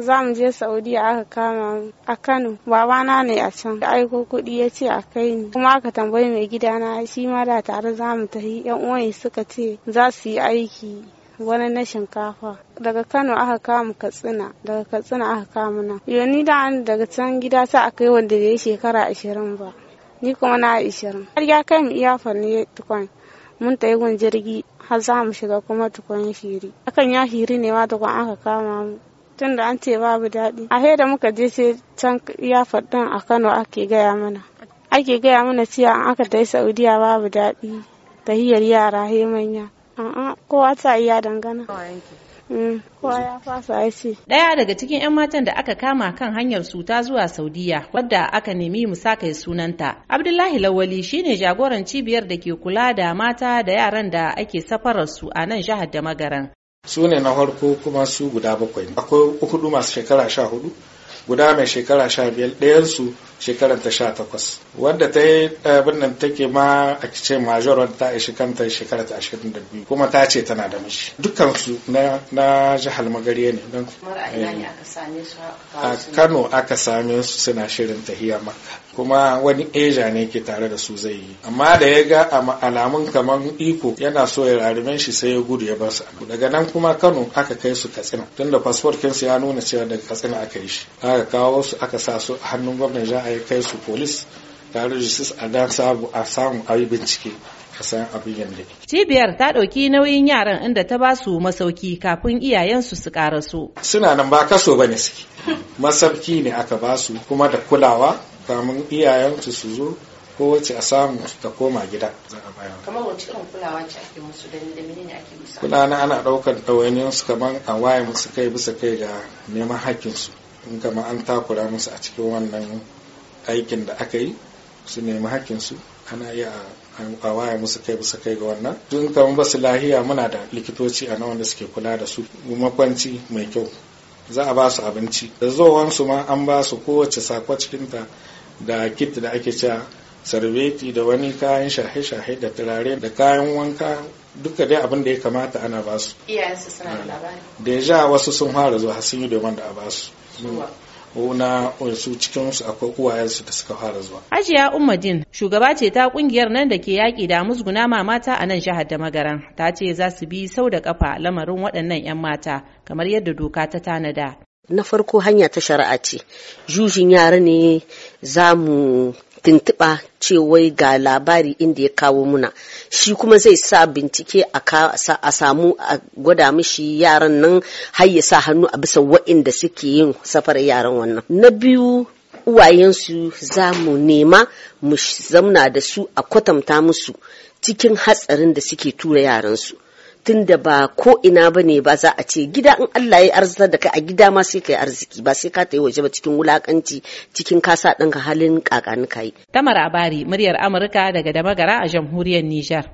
za mu je saudiya aka kama mu a kano babana ne a can da aiko kuɗi ya ce a kai ni kuma aka tambayi mai gidana shi ma da tare za mu tafi yan uwan suka ce za su yi aiki wani na shinkafa daga kano aka kama katsina daga katsina aka kama na yoni da daga can gida sa aka yi wanda ya shekara ashirin ba ni kuma na ashirin har ya kai mu iya ne tukwan mun ta gun jirgi har za mu shiga kuma tukwan shiri hakan ya shiri ne ma tukwan aka kama mu tun da an ce babu daɗi a da muka je sai can ya faɗin a kano ake gaya mana ake gaya mana cewa an aka tai saudiya babu daɗi ta hiyar yara he manya kowa ta iya dangana kowa mm, ya fasa ya Ɗaya daga cikin 'yan matan da aka kama kan hanyar su ta zuwa Saudiya wadda aka nemi musaka sunanta. Abdullahi Lawali shine jagoran cibiyar da ke kula da mata da yaran da ake safarar su a nan jihar da magaran. su ne na farko kuma su guda bakwai akwai hudu masu shekara sha hudu guda mai shekara sha biyar ɗayansu shekarar ta sha takwas wadda ta yi eh, abin take ma a ce major wadda ta ishi kanta shekara ta ashirin da biyu kuma ta ce tana da mishi dukansu na jihar magariya ne don eh, a kano aka same su suna shirin tahiya maka kuma wani Asia ne ke tare da su zai yi amma da ya ga alamun kamar iko yana so ya rarumen shi sai ya gudu ya bar su daga nan kuma kano aka kai su katsina tunda fasfort kinsu ya nuna cewa daga katsina aka yi shi aka kawo su aka sa su a hannun gwamnati za a kai su polis tare da a dan sabu a samu a yi bincike a san abin yadda cibiyar ta ɗauki nauyin yaran inda ta ba su masauki kafin iyayensu su karasu suna nan ba kaso bane suke masauki ne aka ba su kuma da kulawa kamun iyayen su su zo ko wace a samu ta koma gida za a bayan kamar wace irin kulawa ce ake musu da da ne ake musu kula na ana daukar ɗawainiyar su kamar a waye musu kai bisa kai ga neman hakkin su in kamar an takura musu a cikin wannan aikin da aka yi su nemi hakkin su ana iya a waye musu kai bisa kai ga wannan tun kamar basu lahiya muna da likitoci a nan da suke kula da su makwanci mai kyau za a ba su abinci da wansu ma an ba su kowace sako cikinta da kit da ake cewa sarveti da wani kayan shahe-shahe da turare da kayan wanka duka dai abin da ya kamata ana ba su da deja wasu sun fara zuwa sun yi domin da a ba su na su cikin su akwai su da suka fara zuwa. ajiya Ummadin shugaba ce ta kungiyar nan da ke yaƙi da musguna ma mata a nan jihar da magaran ta ce za su bi sau da kafa lamarin waɗannan 'yan mata kamar yadda doka ta tanada. na farko hanya ta shari'a ce jujin yara ne za mu tuntuɓa wai ga labari inda ya kawo muna shi kuma zai sa bincike a samu a gwada mishi yaran nan har ya sa hannu a bisa wa'inda suke yin safar yaran wannan na biyu uwayensu za mu nema mu zamna da su a kwatanta musu cikin hatsarin da suke tura yaransu tun da ba ko ina ba ne ba za a ce gida in Allah ya arzitar da kai a gida ma sai ka yi arziki ba sai ka yi waje ba cikin wulakanci cikin kasa ɗinka halin kakani ka yi. Tamar Abari muryar Amurka daga Damagara a jamhuriyar Nijar.